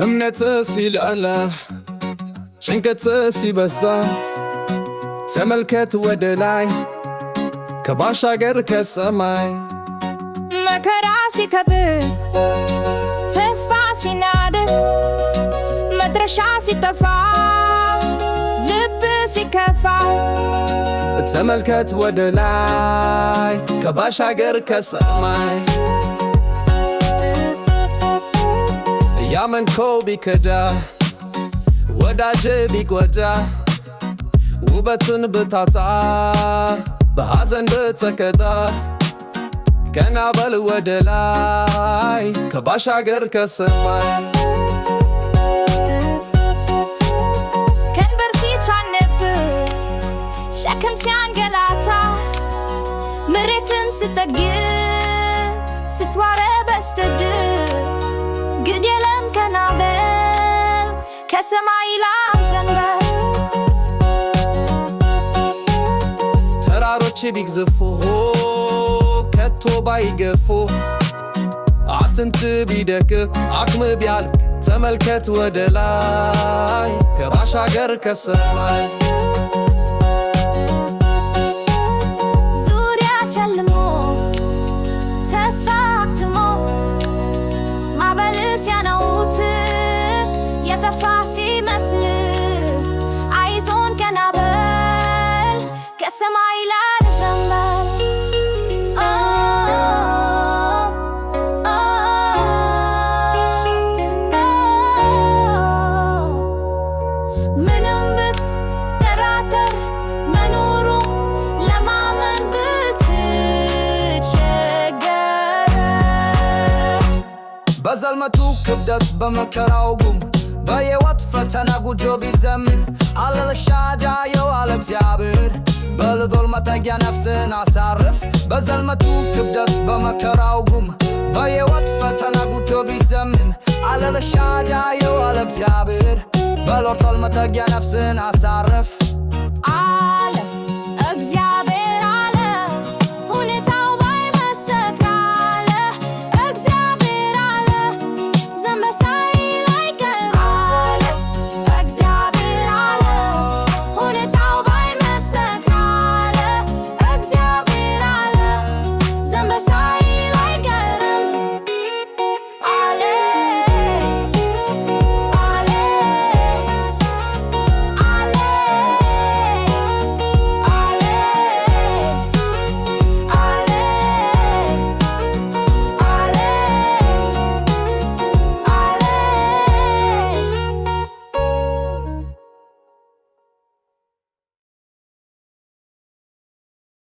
እምነት ሲላላ ጭንቀት ሲበዛ ተመልከት ወደ ላይ ከባሻገር ከሰማይ መከራ ሲከብድ ተስፋ ሲናድር መድረሻ ሲጠፋ ልብ ሲከፋ ተመልከት ወደ ላይ ከባሻገር ከሰማይ ያመንከው ቢከዳ ወዳጅ ቢጎዳ ውበትን ብታጣ በሐዘን ብትከዳ ቀና በል ወደ ላይ ከባሻገር ከሰማይ ከንበር ሲጫንብ ሸክም ሲያንገላታ መሬትን ስትጠግብ ስትዋረ በስተድ ግድ የለ ከሰማይ ላዘንበር ተራሮች ቢግዘፉ ከቶ ባይገፉ አጥንት ቢደክም አቅም ቢያልቅ ተመልከት ወደ ላይ ከባሻገር ከሰማይ ከሰማይ ላለ ዘመን ምንም ብትጠራጠር መኖሩ ለማመን ብትቸገር በዘልመቱ ክብደት በመከራው ጉም በየወት ፈተና ጉጆ ቢዘምን አለለሻዳ የዋለ እግዚአብሔር በልዶል መጠጊያ ነፍስን አሳርፍ በዘልመቱ ክብደት በመከራው ጉም በየወት ፈተና ጉቶ ቢዘምም አለለሻዳየው አለ እግዚአብሔር በሎርቶል መጠጊያ ነፍስን አሳርፍ